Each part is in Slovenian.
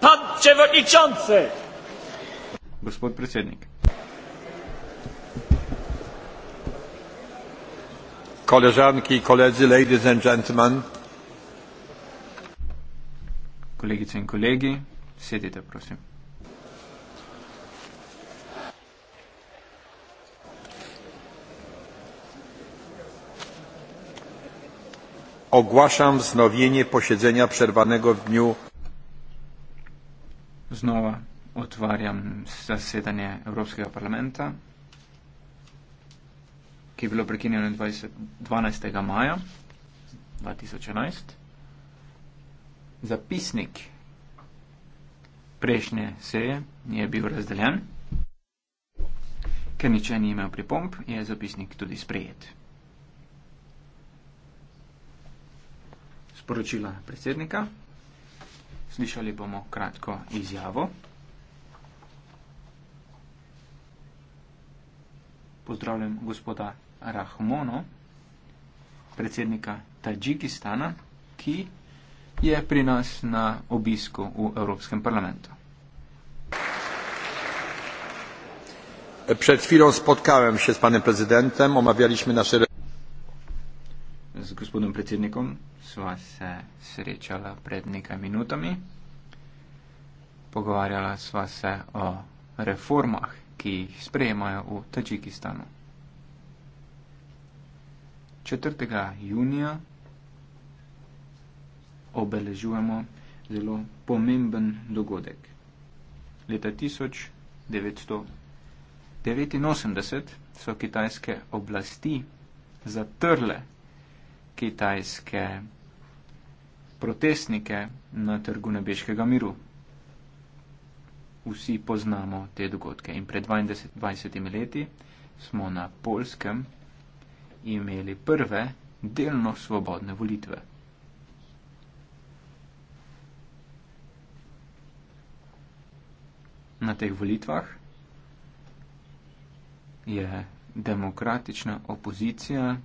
Pan przewodniczący! Gospod predsednik. Koleżanki i koledzy, ladies and gentlemen. Kolegice i kolegi, siedzite, proszę. Ogłaszam wznowienie posiedzenia przerwanego w dniu Znova otvarjam zasedanje Evropskega parlamenta, ki je bilo prekinjeno 20, 12. maja 2011. Zapisnik prejšnje seje je bil razdeljen. Ker niče ni imel pripomp, je zapisnik tudi sprejet. Sporočila predsednika Slišali bomo kratko izjavo. Pozdravljam gospoda Rahmono, predsednika Tadžikistana, ki je pri nas na obisku v Evropskem parlamentu. Pred hvilo spotkavam še s panem prezidentem, omavjališme naše z gospodom predsednikom sva se srečala pred nekaj minutami. Pogovarjala sva se o reformah, ki jih sprejemajo v Tačikistanu. 4. junija obeležujemo zelo pomemben dogodek. Leta 1989 so kitajske oblasti zatrle kitajske protestnike na trgu nebeškega miru. Vsi poznamo te dogodke. In pred 20, 20 leti smo na polskem imeli prve delno svobodne volitve. Na teh volitvah je demokratična opozicija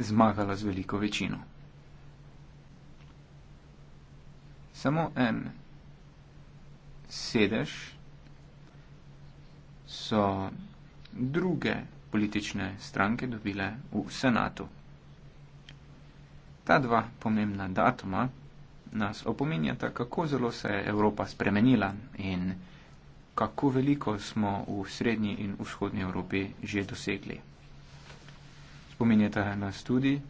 zmagala z veliko večino. Samo en sedež so druge politične stranke dobile v senatu. Ta dva pomembna datuma nas opominjata, kako zelo se je Evropa spremenila in kako veliko smo v srednji in vzhodni Evropi že dosegli spominjata na študij.